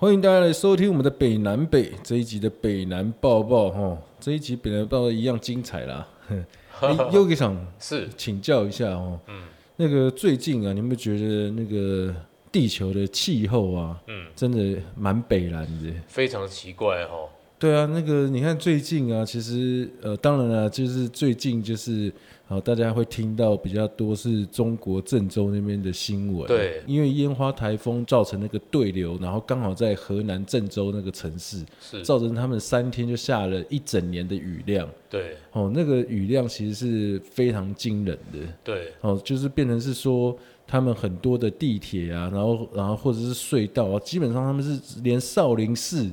歡迎大家來收聽我們的北南北，這一集的北南報報，這一集北南報報一樣精彩啦。Yogi 桑是請教一下哦，嗯，那個最近啊，你們覺得那個地球的氣候啊，嗯，真的蠻北南的，非常奇怪哦，對啊，那個你看最近啊，其實呃，當然了，就是最近就是。好，大家會聽到比較多是中國鄭州那邊的新聞，對，因為煙花颱風造成那個對流，然後剛好在河南鄭州那個城市，造成他們三天就下了一整年的雨量，對，哦，那個雨量其實是非常驚人的，對，哦，就是變成是說他們很多的地鐵啊，然後然後或者是隧道啊，基本上他們是連少林寺，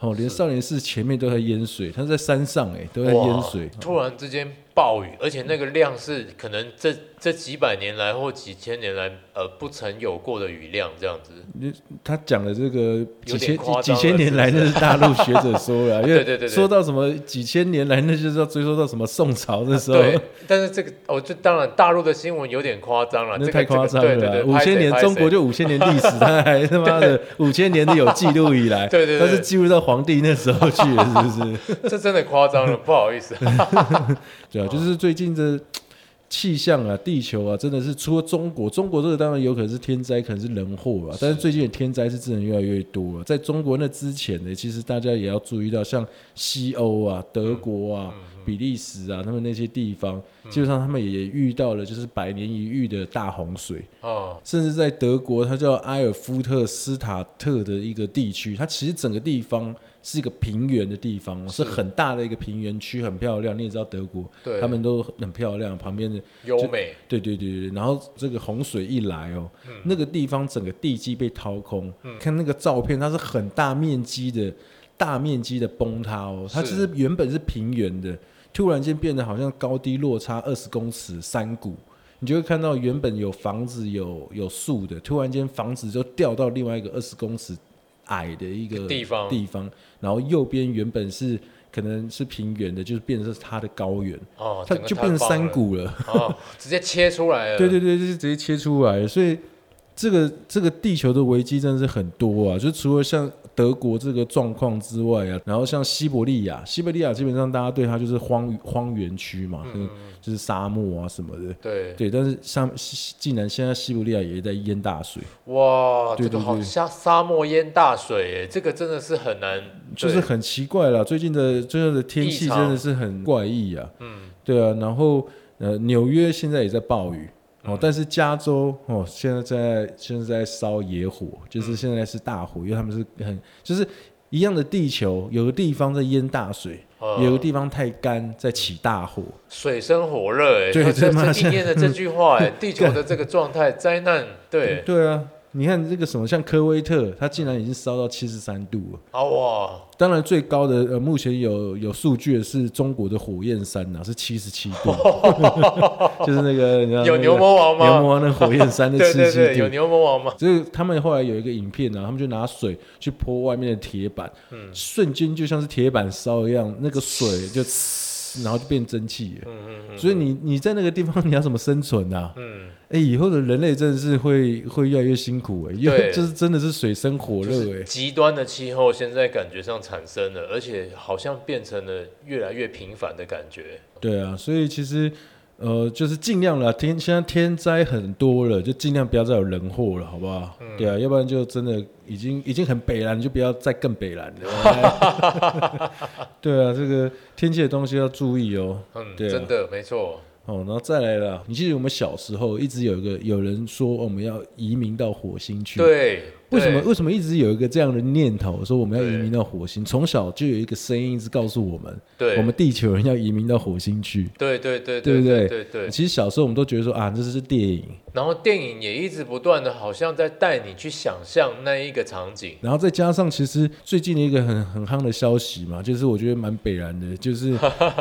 哦，連少林寺前面都在淹水，它在山上哎，都在淹水，喔，突然之間。暴雨，而且那個量是可能這這幾百年來或幾千年來呃不曾有過的雨量這樣子。你他講的這個幾千幾幾千年來那是大陸學者說的， 因為說到什麼幾千年來，那就是要追溯到什麼宋朝的時候、啊。對，但是這個我、哦、就當然大陸的新聞有點誇張了，那太誇張了、這個這個。對對對，五千年中國就五千年歷史， 他還他媽的五千年都有記錄以來。對對對，但是記錄到皇帝那時候去了，是不是？ 這真的誇張了， 不好意思。對。 就是最近的氣象啊，地球啊，真的是除了中國，中國這個當然有可能是天災，可能是人禍吧。但是最近的天災是真的越來越多了。在中國那之前呢，其實大家也要注意到，像西歐啊、德國啊、嗯嗯嗯、比利時啊，他們那些地方、嗯，基本上他們也遇到了就是百年一遇的大洪水、嗯、甚至在德國，它叫埃爾夫特斯塔特的一個地區，它其實整個地方。是一個平原的地方哦，是很大的一個平原區，很漂亮。你也知道德國，他們都很漂亮。旁邊的優美，對對對對。然後這個洪水一來哦，嗯、那個地方整個地基被掏空、嗯，看那個照片，它是很大面積的、大面積的崩塌哦。它其實原本是平原的，突然間變得好像高低落差二十公尺山谷，你就會看到原本有房子有有樹的，突然間房子就掉到另外一個二十公尺。矮的一個，一個地方，地方，然後右邊原本是可能是平原的，就是變成是它的高原，哦，它就變成山谷了，哦，直接切出來了， 對對對，就直接切出來，所以這個這個地球的危機真的是很多啊，就除了像德國這個狀況之外啊，然後像西伯利亞，西伯利亞基本上大家對它就是荒荒原區嘛、嗯，就是，就是沙漠啊什麼的。對對，但是像竟然現在西伯利亞也在淹大水。哇，對對對，這個好像沙，沙漠淹大水，誒，這個真的是很難，就是很奇怪啦。最近的最近的天氣真的是很怪異啊。嗯，對啊，然後呃，紐約現在也在暴雨。哦，但是加州哦，現在在現在在燒野火，就是現在是大火，嗯、因為他們是很就是一樣的地球，有個地方在淹大水，哦、有個地方太乾在起大火，水深火熱，哎，這應驗的這句話、欸，哎、嗯，地球的這個狀態，災 難，對，嗯、對啊。你看這個什麼，像科威特，它竟然已經燒到七十三度了、啊。哇！當然最高的呃，目前有有數據的是中國的火焰山吶、啊，是七十七度， 就是那個，那個牛那 對對對，有牛魔王嗎？牛魔王那火焰山的七十有牛魔王嗎？就是他們後來有一個影片啊，他們就拿水去潑外面的鐵板、嗯，瞬間就像是鐵板燒一樣，那個水就、嗯。然後就變蒸汽，嗯嗯嗯，所以你你在那個地方你要怎麼生存啊，嗯欸、以後的人類真的是會會越來越辛苦因，欸、對，因為就是真的是水深火熱哎，欸，就是，極端的氣候現在感覺上產生了，而且好像變成了越來越頻繁的感覺，對啊，所以其實。呃，就是盡量了。天，現在天災很多了，就盡量不要再有人禍了，好不好，嗯？對啊，要不然就真的已經已經很北南，你就不要再更北南了。 嗯、 對啊，這個天氣的東西要注意哦。對、啊嗯，真的沒錯。哦，然後再來了，你記得我們小時候一直有一個有人說、哦、我們要移民到火星去。對。為什麼為什麼一直有一個這樣的念頭，說我們要移民到火星？從小就有一個聲音一直告訴我們，對，我們地球人要移民到火星去。對對對對對對，對，對，對，對，對。其實小時候我們都覺得說啊，這是電影。然後電影也一直不斷的，好像在帶你去想象那一個場景。然後再加上，其實最近的一個很很夯的消息嘛，就是我覺得蠻北南的，就是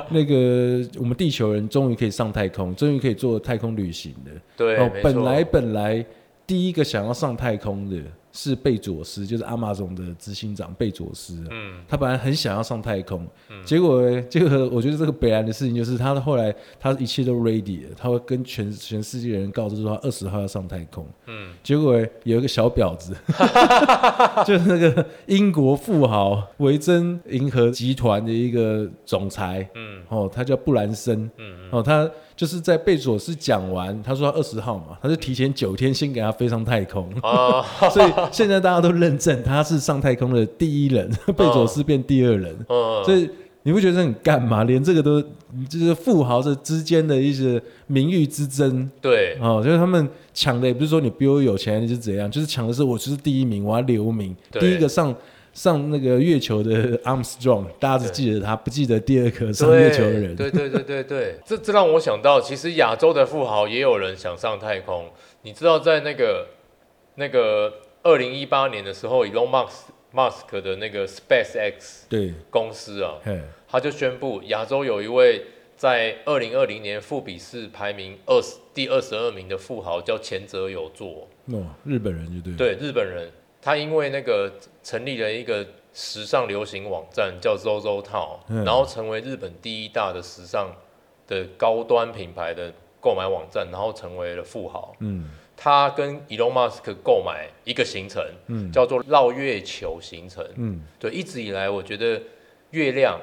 那個我們地球人終於可以上太空，終於可以做太空旅行的。對，本來本來第一個想要上太空的，是貝佐斯，就是 Amazon 的執行長貝佐斯，嗯，他本來很想要上太空，嗯、結果、欸，結果我覺得這個北南的事情就是他後來他一切都 ready 了，他會跟全全世界的人告知說他二十號要上太空，嗯、結果、欸、有一個小婊子， 就是那個英國富豪維珍銀河集團的一個總裁，嗯，哦，他叫布蘭森，嗯，哦他。就是在貝佐斯講完，他說二十號嘛，他就提前九天先給他飛上太空。Oh. 所以現在大家都認證他是上太空的第一人，貝、oh. 佐斯變第二人。Oh. Oh. 所以你不覺得很幹嘛？連這個都就是富豪之間的一些名譽之爭。對，哦，就是他們搶的也不是說你比我有錢你是怎樣，就是搶的是我就是第一名，我要留名，第一個上。上那個月球的 Armstrong，大家只記得他，不記得第二顆上月球的人。對對對對對，對對對對 這這讓我想到，其實亞洲的富豪也有人想上太空。你知道在那個那個二零一八年的時候 Elon Musk 的那個 SpaceX 對公司啊,他就宣布亞洲有一位在二零二零年富比士排名二十第二十二名的富豪叫前澤友作、哦，日本人就對，對日本人。他因為那個成立了一個時尚流行網站叫 ZoZoTown，嗯，然後成為日本第一大的時尚的高端品牌的購買網站，然後成為了富豪。嗯，他跟 Elon Musk 購買一個行程，嗯，叫做繞月球行程。嗯，對，一直以來我覺得月亮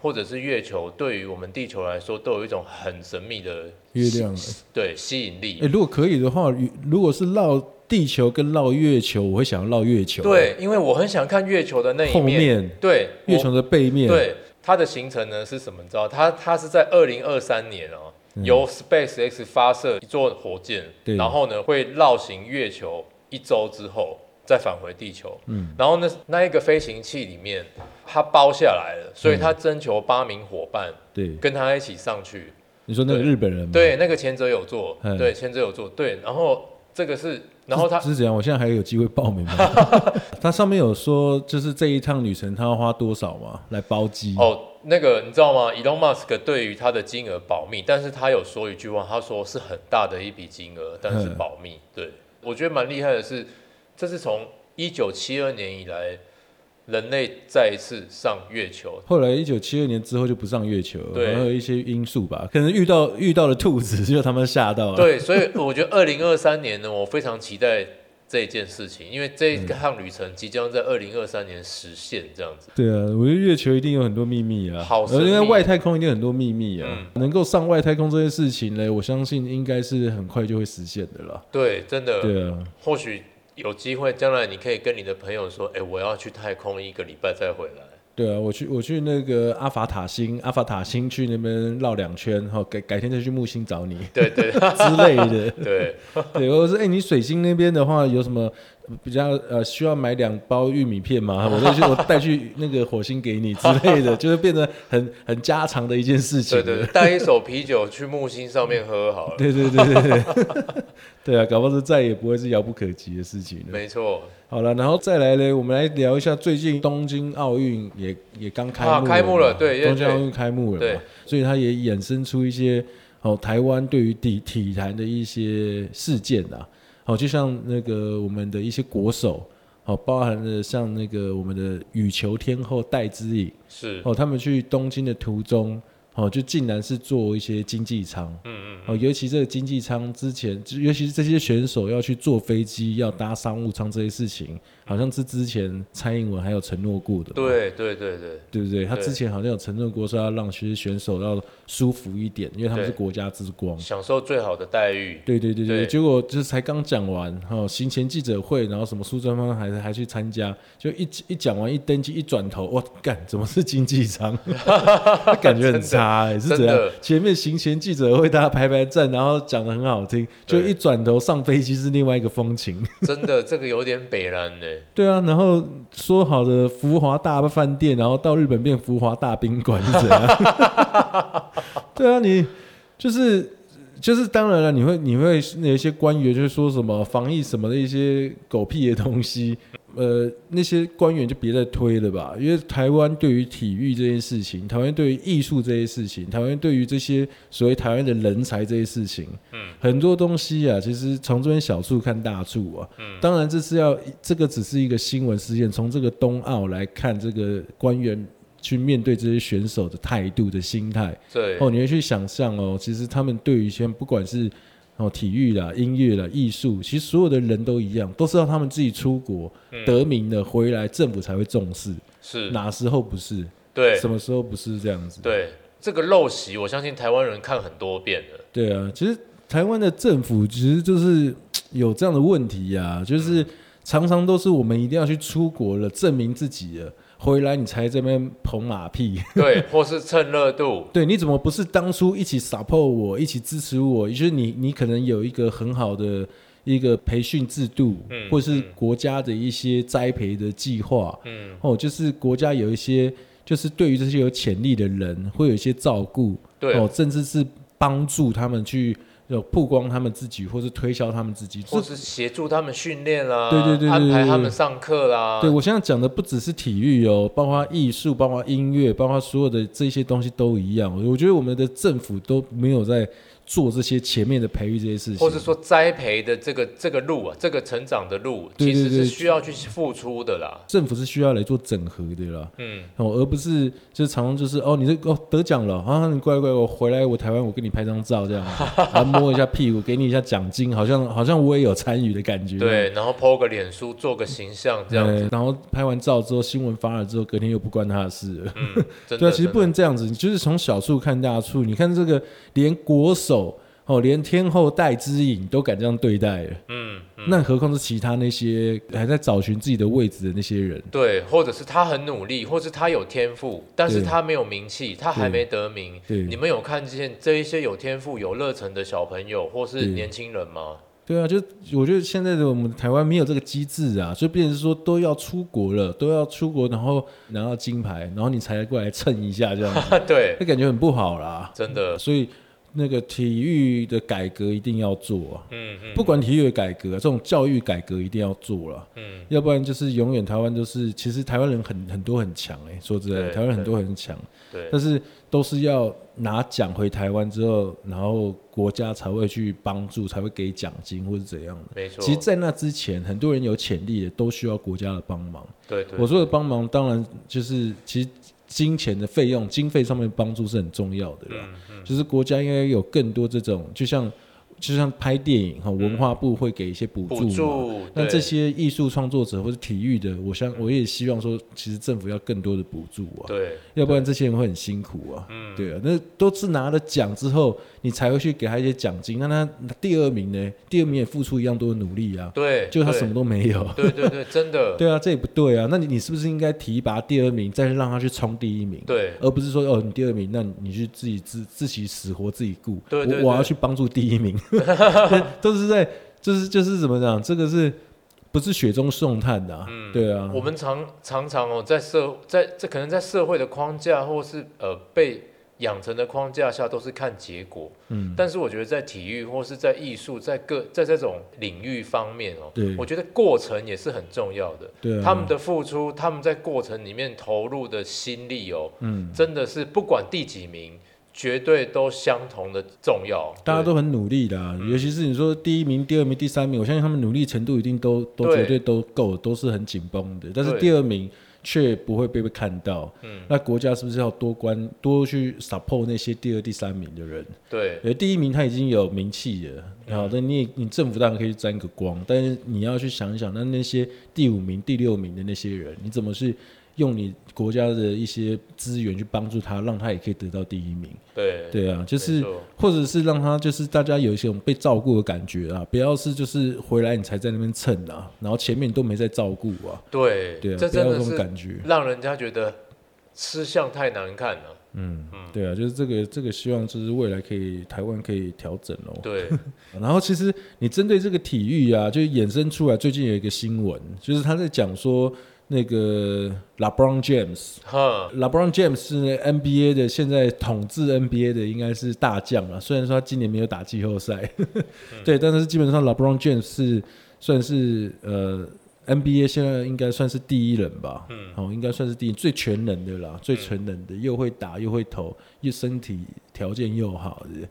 或者是月球對於我們地球來說，都有一種很神秘的吸月亮對吸引力，欸。如果可以的話，如果是繞。地球跟繞月球，我會想要繞月球。對，因為我很想看月球的那一面。面對，月球的背面。對，它的行程呢是什麼？你知道，它它是在二零二三年哦、啊嗯，由 SpaceX 發射一座火箭，然後呢會繞行月球一週之後再返回地球。嗯，然後呢那，那一個飛行器裡面它包下來了，所以它徵求八名夥伴，嗯、對，跟他一起上去。你說那個日本人嗎？對？對，那個前者有做、嗯，對，前者有做，對，然後。這個是，然後他是，是怎樣？我現在還有機會報名嗎？ 他上面有說，就是這一趟旅程他要花多少嘛？來包機哦。Oh, 那個你知道嗎？Elon Musk 對於他的金額保密，但是他有說一句話，他說是很大的一筆金額，但是保密。 對，我覺得蠻厲害的是，是這是從一九七二年以來。人類再一次上月球。後來一九七二年之後就不上月球了，對，有一些因素吧，可能遇到遇到了兔子，就他們嚇到了。對，所以我覺得二零二三年呢， 我非常期待這件事情，因為這一趟旅程即將在二零二三年實現，這樣子。對啊，我覺得月球一定有很多秘密啊，好，因為外太空一定有很多秘密啊，嗯、能夠上外太空這件事情呢，我相信應該是很快就會實現的了。對，真的，對啊，或許。有機會，將來你可以跟你的朋友說：“哎、欸，我要去太空一個禮拜再回來。”對啊，我去我去那個阿法塔星、阿法塔星去那邊繞兩圈，好、喔，改改天再去木星找你，對對，對 之類的， 對對，我說：“哎、欸，你水星那邊的話有什麼？”比較呃，需要買兩包玉米片嘛？ 我就去我帶去那個火星給你之類的， 就是變得很很家常的一件事情。對對，對，帶一手啤酒去木星上面喝好了。對 對對對對， 對啊，搞不好是再也不會是遙不可及的事情了。沒錯。好了，然後再來呢，我們來聊一下最近東京奧運也也剛開幕了，啊，開幕了，對，東京奧運開幕了，對，所以它也衍生出一些哦，台灣對於體體壇的一些事件啊。哦，就像那個我們的一些國手，哦，包含了像那個我們的羽球天后戴資穎，是哦，他們去東京的途中，哦，就竟然是坐一些經濟艙，嗯嗯，哦，尤其這個經濟艙之前，就尤其是這些選手要去坐飛機，要搭商務艙這些事情。好像是之前蔡英文還有承諾過的，對對對對，對不對？他之前好像有承諾過，說要讓其實選手要舒服一點，因為他們是國家之光，享受最好的待遇。對對對對，對結果就是才剛講完哈、喔、行前記者會，然後什麼蘇貞昌還還去參加，就一一講完一登機一轉頭，哇幹怎麼是經濟艙？ 感覺很差哎、欸，是這樣。前面行前記者會大家排排站，然後講得很好聽，就一轉頭上飛機是另外一個風情。真的，這個有點北南嘞、欸。對啊，然後說好的“福華大飯店”，然後到日本變“福華大賓館”這樣。 對啊，你就是就是，就是、當然了，你會你會那些官員就是說什麼防疫什麼的一些狗屁的東西。呃，那些官員就別再推了吧，因為台灣對於體育這件事情，台灣對於藝術這件事情，台灣對於這些所謂台灣的人才這些事情，嗯，很多東西啊，其實從這邊小處看大處啊，嗯，當然這是要，這個只是一個新聞事件，從這個東奧來看，這個官員去面對這些選手的態度的心態，對，哦，你會去想象哦，其實他們對於一些不管是。哦，體育啦，音樂啦，藝術，其實所有的人都一樣，都是讓他們自己出國、嗯、得名的，回來政府才會重視。是哪時候不是？對，什麼時候不是這樣子？對，這個陋習，我相信台灣人看很多遍了。對啊，其實台灣的政府其實就是有這樣的問題呀、啊，就是常常都是我們一定要去出國了，證明自己了。回來你才這邊捧馬屁，對， 或是蹭熱度，對，你怎麼不是當初一起 support 我，一起支持我？就是你，你可能有一個很好的一個培訓制度，嗯，或是國家的一些栽培的計劃，嗯，哦，就是國家有一些，就是對於這些有潛力的人會有一些照顧，對，哦，甚至是幫助他們去。要曝光他們自己，或是推銷他們自己，或者是協助他們訓練啦，對對，對對對，安排他們上課啦。對我現在講的不只是體育哦、喔，包括藝術，包括音樂，包括所有的這些東西都一樣。我覺得我們的政府都沒有在。做這些前面的培育這些事情，或者是說栽培的這個這個路啊，這個成長的路對對對，其實是需要去付出的啦。政府是需要來做整合的啦，嗯，哦、而不是就是常常就是哦，你這個、哦得獎了啊，你乖乖，我回來我台灣，我給你拍張照這樣子， 然後摸一下屁股給你一下獎金，好像好像我也有參與的感覺。對，對然後拋個臉書，做個形象這樣子，對然後拍完照之後新聞發了之後，隔天又不關他的事了。嗯、的 對、啊、其實不能這樣子，你就是從小處看大處，嗯、你看這個連國手。哦，連天后戴資穎都敢這樣對待。嗯，嗯，那何況是其他那些還在找尋自己的位置的那些人？對，或者是他很努力，或是他有天賦，但是他沒有名氣，他還沒得名。你們有看見這一些有天賦、有熱忱的小朋友或是年輕人嗎對？對啊，就我覺得現在的我們台灣沒有這個機制啊，所以變成說都要出國了，都要出國，然後拿到金牌，然後你才過來蹭一下這樣子， 對，這感覺很不好啦，真的，所以。那個體育的改革一定要做啊，嗯嗯，不管體育的改革，這種教育改革一定要做了，嗯，要不然就是永遠台灣都是，其實台灣人很很多很強哎，說真的，台灣很多很強，但是都是要拿獎回台灣之後，然後國家才會去幫助，才會給獎金或是怎樣的，沒錯。其實，在那之前，很多人有潛力的，都需要國家的幫忙。對，我說的幫忙，當然就是其實。金錢的費用、經費上面幫助是很重要的啦，就是國家應該有更多這種，就像。就像拍電影哈、嗯，文化部會給一些補助，補助。那這些藝術創作者或者體育的，我想我也希望說，其實政府要更多的補助啊。對。要不然這些人會很辛苦啊。對，對啊，那都是拿了獎之後，你才會去給他一些獎金、嗯。那他第二名呢？第二名也付出一樣多的努力啊。對。就他什麼都沒有。對 對，對對，真的。對啊，這也不對啊。那你你是不是應該提拔第二名，再去讓他去衝第一名？對。而不是說哦，你第二名，那你去自己自己自己死活自己顧。對，對，對我，我要去幫助第一名。對對對 都是在，就是就是怎麼講？這個是不是雪中送炭的啊？嗯，對啊。我們常常常哦，在社在、在這可能在社會的框架，或是呃被養成的框架下，都是看結果。嗯，但是我覺得在體育或是在藝術，在各、在、各在這種領域方面哦，對，我覺得過程也是很重要的。對啊，他們的付出，他們在過程裡面投入的心力哦，嗯，真的是不管第幾名。絕對都相同的重要，大家都很努力啦，尤其是你說第一名、嗯、第二名、第三名，我相信他們努力程度一定都都絕對都夠，都是很緊繃的。但是第二名卻不會被被看到，那國家是不是要多關多去 support 那些第二、第三名的人？對，而第一名他已經有名氣了，然後那你你政府當然可以沾個光，但是你要去想一想，那那些第五名、第六名的那些人，你怎麼去？用你國家的一些資源去幫助他，讓他也可以得到第一名。對對啊，就是或者是讓他就是大家有一種被照顧的感覺啊，不要是就是回來你才在那邊蹭啊，然後前面都沒在照顧啊。對對啊，不要這種感覺，讓人家覺得吃相太難看了。嗯嗯，對啊，就是這個這個希望就是未來可以台灣可以調整哦。對， 然後其實你針對這個體育啊，就衍生出來最近有一個新聞，就是他在講說。那個 LeBron James，huh. LeBron James 是 NBA 的現在統治 NBA 的應該是大將了。雖然說他今年沒有打季後賽，呵呵嗯、對，但是基本上 LeBron James 是算是呃 NBA 現在應該算是第一人吧。嗯、哦，應該算是第一最全能的了，最全能的，嗯、又會打又會投，又身體條件又好的。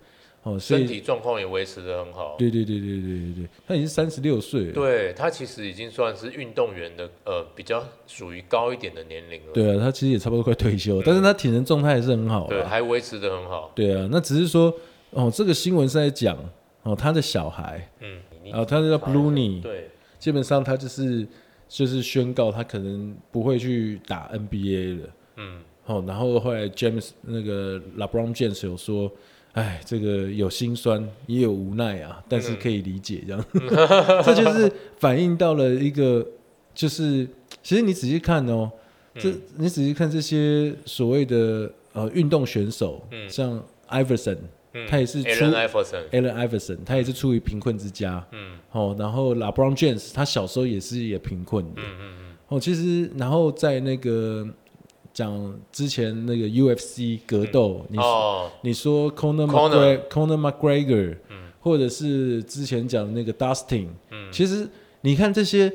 哦，身體狀況也維持得很好。對對對對對對，他已經三十六歲了。對，他其實已經算是運動員的，呃，比較屬於高一點的年齡了。對啊，他其實也差不多快退休了、嗯，但是他體能狀態還是很好、啊嗯。對，還維持得很好。對啊，那只是說，哦，這個新聞是在講，哦，他的小孩，嗯，啊，他叫 Bronny，對，基本上他就是就是宣告他可能不會去打 NBA 了。嗯，好、哦，然後後來 James 那個 LeBron James 有說。哎，這個有心酸，也有無奈啊，但是可以理解這樣。嗯、 這就是反映到了一個，就是其實你仔細看哦、喔嗯，這你仔細看這些所謂的呃運動選手，嗯、像 Iverson 他也是出艾、嗯、弗森，艾倫艾弗森，他也是出於貧困之家，嗯，哦，然後 LeBron James，他小時候也是也貧困，的。嗯嗯，嗯，哦，其實然後在那個。講之前那個 UFC 格鬥、嗯，你說、哦、你說 Conor, Conor McGregor，、嗯、或者是之前講的那個 Dustin，、嗯、其實你看這些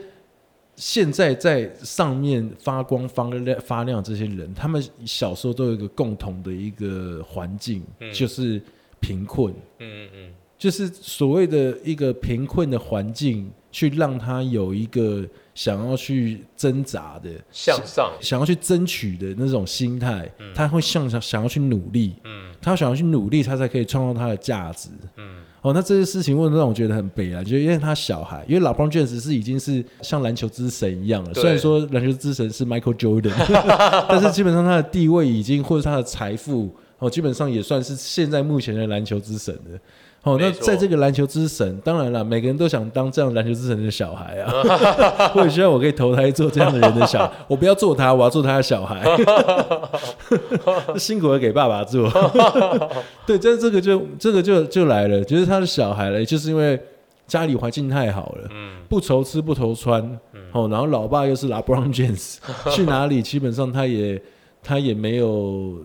現在在上面發光發亮發亮這些人，他們小時候都有一個共同的一個環境、嗯，就是貧困。嗯嗯嗯。就是所謂的一個貧困的環境，去讓他有一個想要去掙扎的向上想，想要去爭取的那種心態、嗯。他會向上，想要去努力。嗯，他想要去努力，他才可以創造他的價值。嗯，哦，那這些事情，為什麼讓我覺得很悲哀？就因為他小孩，因為 LeBron James 是已經是像籃球之神一樣了。雖然說籃球之神是 Michael Jordan， 但是基本上他的地位已經或者他的財富，哦，基本上也算是現在目前的籃球之神了哦，那在這個籃球之神，當然了，每個人都想當這樣籃球之神的小孩啊，或 者希望我可以投胎做這樣的人的小孩，我不要做他，我要做他的小孩， 辛苦了給爸爸做。 對，就是這個就、嗯、這個就就來了，就是他的小孩呢，就是因為家裡環境太好了，嗯，不愁吃不愁穿，哦，然後老爸又是 LeBron James，、嗯、去哪裡基本上他也他也沒有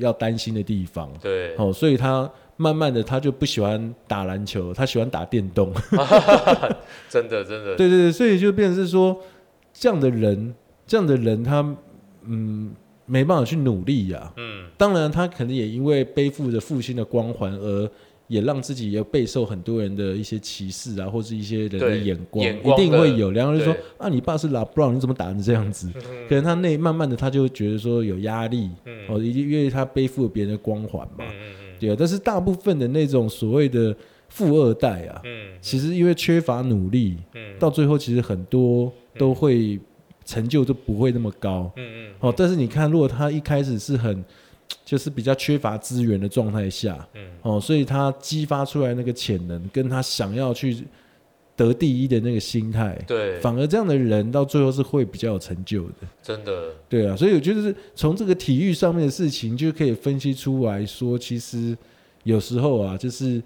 要擔心的地方，對，哦，所以他。慢慢的，他就不喜歡打籃球，他喜歡打電動。 真的，真的。對對對，所以就變成是說，這樣的人，這樣的人他，他嗯，沒辦法去努力呀、啊。嗯。當然，他可能也因為背負着父親的光環，而也讓自己也備受很多人的一些歧視啊，或是一些人的眼光，眼光一定會有。然後就說：“啊，你爸是 LeBron，你怎麼打成這樣子？”嗯、可能他內慢慢的，他就覺得說有壓力、嗯。哦，因為他背負別人的光環嘛。嗯。對啊，但是大部分的那種所謂的富二代啊、嗯嗯，其實因為缺乏努力、嗯，到最後其實很多都會成就都不會那麼高。嗯嗯、哦，但是你看，如果他一開始是很，就是比較缺乏資源的狀態下，嗯嗯、哦，所以他激發出來那個潛能，跟他想要去。得第一的那個心態，對，反而這樣的人到最後是會比較有成就的，真的。對啊，所以我覺得是從這個體育上面的事情，就可以分析出來說，其實有時候啊，就是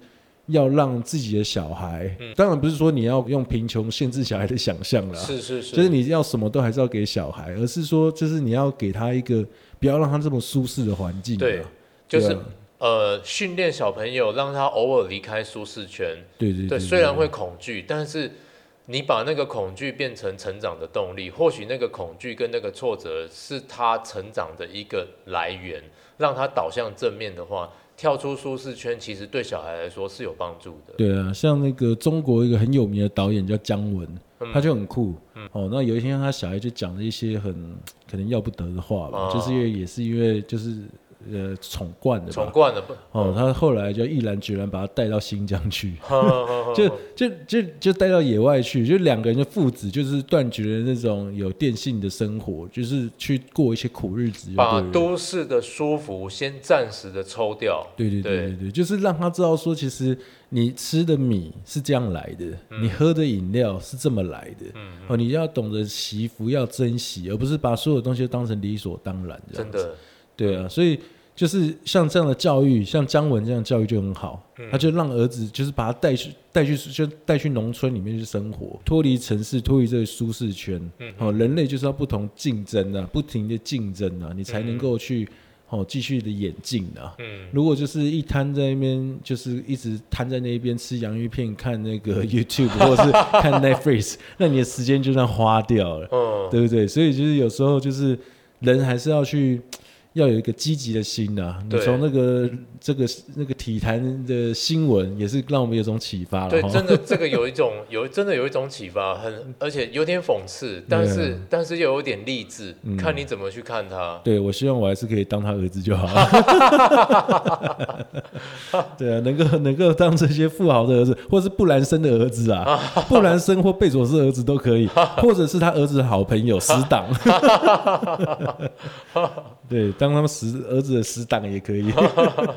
要讓自己的小孩，嗯、當然不是說你要用貧窮限制小孩的想象啦，是是是，就是你要什麼都還是要給小孩，而是說，就是你要給他一個不要讓他這麼舒適的環境，對，就是。呃，訓練小朋友，讓他偶爾離開舒適圈，對對對，對，對對對，雖然會恐懼，但是你把那個恐懼變成成長的動力，或許那個恐懼跟那個挫折是他成長的一個來源。讓他導向正面的話，跳出舒適圈，其實對小孩來說是有幫助的。對啊，像那個中國一個很有名的導演叫姜文、嗯，他就很酷、嗯。哦，那有一天他小孩就講了一些很可能要不得的話吧，嗯、就是因為也是因為就是。呃，寵慣的，寵慣的，哦，他後來就毅然決然把他帶到新疆去，嗯 就，就就就就帶到野外去，就兩個人的父子就是斷絕了那種有電信的生活，就是去過一些苦日子，把都市的舒服先暫時的抽掉，對對對對，對就是讓他知道說，其實你吃的米是這樣來的，嗯，你喝的飲料是這麼來的，嗯，哦，你要懂得惜福，要珍惜，而不是把所有東西都當成理所當然的。真的。對啊，所以就是像這樣的教育，像姜文這樣的教育就很好，他、嗯、就讓兒子就是把他帶去帶去就帶去農村裡面去生活，脫離城市，脫離這個舒適圈。好、嗯哦，人類就是要不同競爭啊，不停的競爭啊，你才能夠去好繼、嗯哦、續的演進啊。嗯，如果就是一攤在那邊，就是一直攤在那一邊吃洋芋片，看那個 YouTube 或者是看 Netflix， 那你的時間就算花掉了，嗯、哦，對不對？所以就是有時候就是人還是要去。要有一個積極的心啊！你從那個這個那個體壇的新聞也是讓我們有種啟發了、哦。對，真的 這個有一種有真的有一種啟發，很而且有點諷刺，但是但是又有點勵志、嗯，看你怎麼去看他。對，我希望我還是可以當他兒子就好了。 對啊，能夠能夠當這些富豪的兒子，或者是布蘭森的兒子啊，布蘭森或貝佐斯兒子都可以， 或者是他兒子的好朋友死黨。 對，當。他們死兒子的死黨也可以。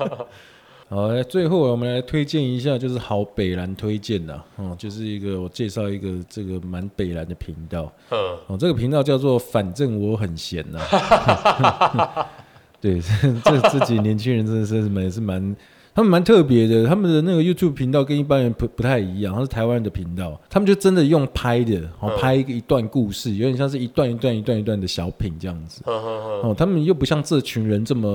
好，最後我們來推薦一下，就是好北南推薦的、啊，哦、嗯，就是一個我介紹一個這個蠻北南的頻道，嗯，哦，這個頻道叫做“反正我很閒、啊”吶， 對，這這幾年輕人真的是蠻 是蠻。他們蠻特別的，他們的那個 YouTube 頻道跟一般人不不太一樣，他是台灣的頻道，他們就真的用拍的，然、喔、後、嗯、拍一段故事，有點像是一段一段一段一段、一段的小品這樣子。哦、嗯嗯喔，他們又不像這群人這麼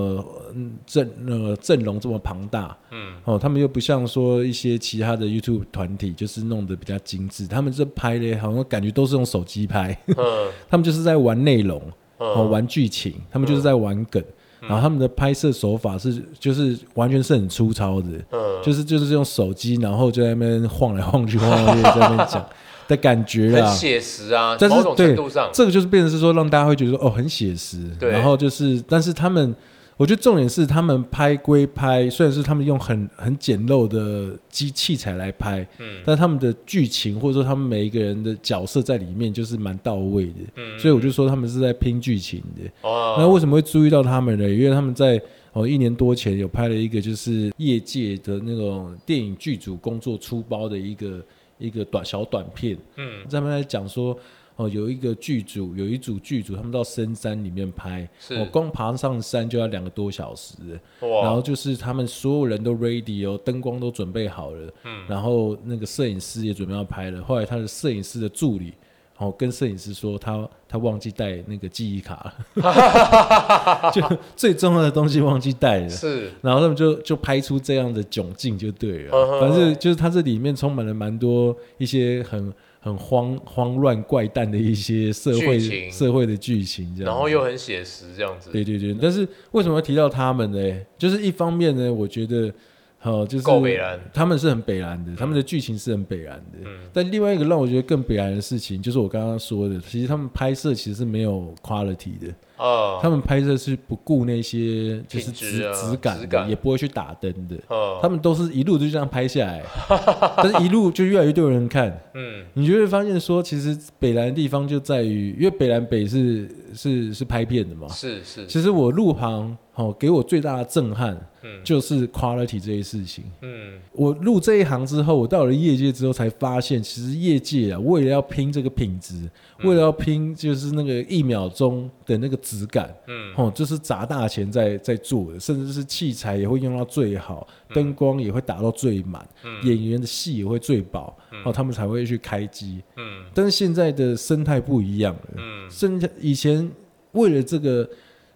陣、嗯、呃陣容這麼龐大，嗯，哦、喔，他們又不像說一些其他的 YouTube 團體，就是弄得比較精緻，他們這拍的，好像感覺都是用手機拍、嗯呵呵，他們就是在玩內容，哦、嗯喔，玩劇情，他們就是在玩梗。嗯、然後他們的拍攝手法是，就是完全是很粗糙的，嗯、就是就是用手機，然後就在那邊晃來晃去，晃來晃去在那邊講的感覺啦， 很寫實啊。但是某種程度上對，這個就是變成是說讓大家會覺得說哦，很寫實。然後就是，但是他們。我覺得重點是他們拍歸拍，雖然是他們用很很簡陋的機器材來拍，嗯，但他們的劇情或者說他們每一個人的角色在裡面就是蠻到位的，嗯，所以我就說他們是在拼劇情的。哦，那為什麼會注意到他們呢？因為他們在哦一年多前有拍了一個就是業界的那種電影劇組工作出包的一個一個短小短片，嗯，在他們來講說。哦，有一個劇組，有一組劇組，他們到深山裡面拍，我、哦、光爬上山就要兩個多小時，Wow. 然後就是他們所有人都 ready 哦，燈光都準備好了，嗯，然後那個攝影師也準備要拍了。後來他的攝影師的助理，然、哦、後跟攝影師說他，他他忘記帶那個記憶卡了，就 最重要的東西忘記帶了， 是，然後他們就就拍出這樣的窘境，就對了， 反正就是他這裡面充滿了蠻多一些很。很慌慌亂怪誕的一些社會社會的劇情，這樣，然後又很寫實這樣子。對對對，但是為什麼要提到他們呢？就是一方面呢，我覺得好、呃、就是夠北南，他們是很北南的，他們的劇情是很北南的、嗯。但另外一個讓我覺得更北南的事情，就是我剛剛說的，其實他們拍攝其實是沒有 quality 的。哦、oh,，他們拍攝是不顧那些就是質直、啊、感的感，也不會去打燈的。哦、oh,，他們都是一路就這樣拍下來， 但是一路就越來越多人看。嗯， 你就會發現說，其實北南地方就在於，因為北南北是是是拍片的嘛。是是，其實我入行，哦、喔，給我最大的震撼、嗯，就是 quality 這些事情。嗯，我入這一行之後，我到了業界之後，才發現其實業界啊，為了要拼這個品質、嗯，為了要拼就是那個一秒鐘的那個。質感，嗯，哦，就是砸大錢在在做的，甚至是器材也會用到最好，燈光也會打到最滿、嗯，演員的戲也會最飽、嗯，哦，他們才會去開機，嗯，但是現在的生態不一樣了，嗯，生以前為了這個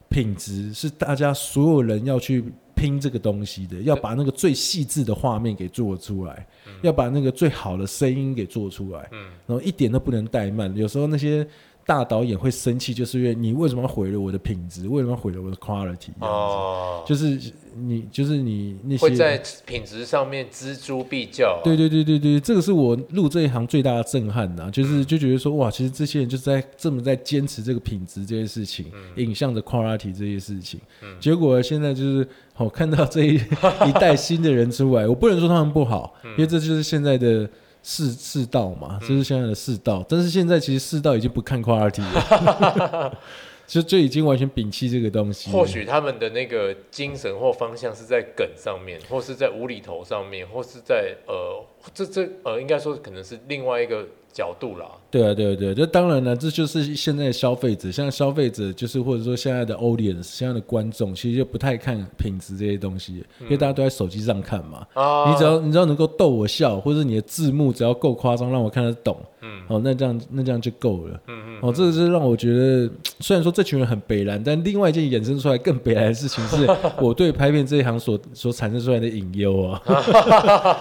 品質是大家所有人要去拼這個東西的，要把那個最細緻的畫面給做出來、嗯，要把那個最好的聲音給做出來，嗯，然後一點都不能怠慢，有時候那些。大導演會生氣，就是因為你為什麼要毀了我的品質？為什麼要毀了我的 quality？哦，就是你，就是你那些會在品質上面錙銖必較、哦。對對對對，這個是我入這一行最大的震撼吶、啊！就是就覺得說、嗯，哇，其實這些人就是在這麼在堅持這個品質這些事情、嗯，影像的 quality 這些事情，嗯、結果現在就是我、哦、看到這一 一代新的人出來， 我不能說他們不好，因為這就是現在的。世世道嘛、嗯，就是現在的世道，但是現在其實世道已經不看 QRT 了，嗯、 就就已經完全摒棄這個東西。或許他們的那個精神或方向是在梗上面，嗯、或是在無厘頭上面，或是在呃，這這呃，應該說可能是另外一個。角度了，對啊，對啊，對，這當然了，這就是現在的消費者，像消費者就是或者說現在的 audience，現在的觀眾其實就不太看品質這些東西，嗯，因為大家都在手機上看嘛。哦、啊，你只要，你只要能夠逗我笑，或者你的字幕只要夠誇張，讓我看得懂，嗯，哦，那這樣，那這樣就夠了，嗯嗯，哦，這個是讓我覺得，雖然說這群人很北南，但另外一件衍生出來更北南的事情是，我對拍片這一行所 所產生出來的隱憂啊。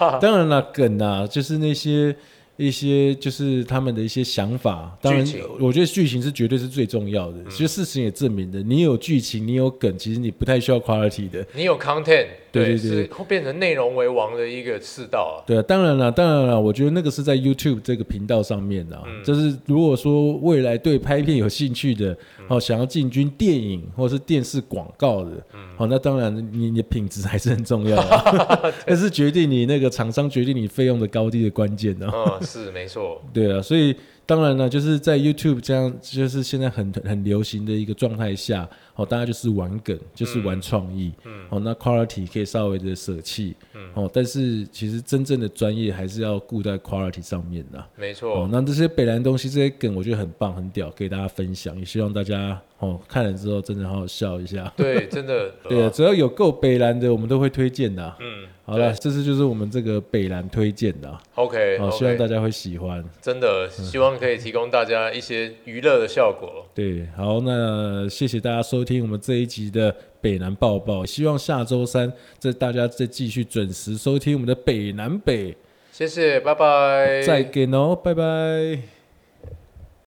啊 當然了，梗啊，就是那些。一些就是他們的一些想法，當然，我覺得劇情是絕對是最重要的。其、嗯、實，事實也證明的，你有劇情，你有梗，其實你不太需要 quality 的，你有 content。對，對對，對變成內容為王的一個世道啊。對啊，當然了，當然了，我覺得那個是在 YouTube 這個頻道上面的、啊。就、嗯、是如果說未來對拍片有興趣的，嗯、哦，想要進軍電影或是電視廣告的，嗯，好、哦，那當然你，你你品質還是很重要的啊，那 是決定你那個廠商決定你費用的高低的關鍵的。啊，嗯、是沒錯。對啊，所以。當然呢，就是在 YouTube 這樣，就是現在很很流行的一個狀態下，哦，大家就是玩梗，就是玩創意，嗯，嗯，哦，那 quality 可以稍微的捨棄，嗯，哦，但是其實真正的專業還是要顧在 quality 上面的，沒錯。哦，那這些北南東西，這些梗我覺得很棒，很屌，給大家分享，也希望大家。哦，看了之後真的好好笑一下。對，真的， 對，只要有夠北南的，我們都會推薦的、啊。嗯，好了，這次就是我們這個北南推薦的、啊 okay, 哦。OK，希望大家會喜歡。真的，希望可以提供大家一些娛樂的效果。嗯、對，好，那謝謝大家收聽我們這一集的北南報報，希望下周三大家再繼續準時收聽我們的北南北。謝謝，拜拜。再見哦，拜拜。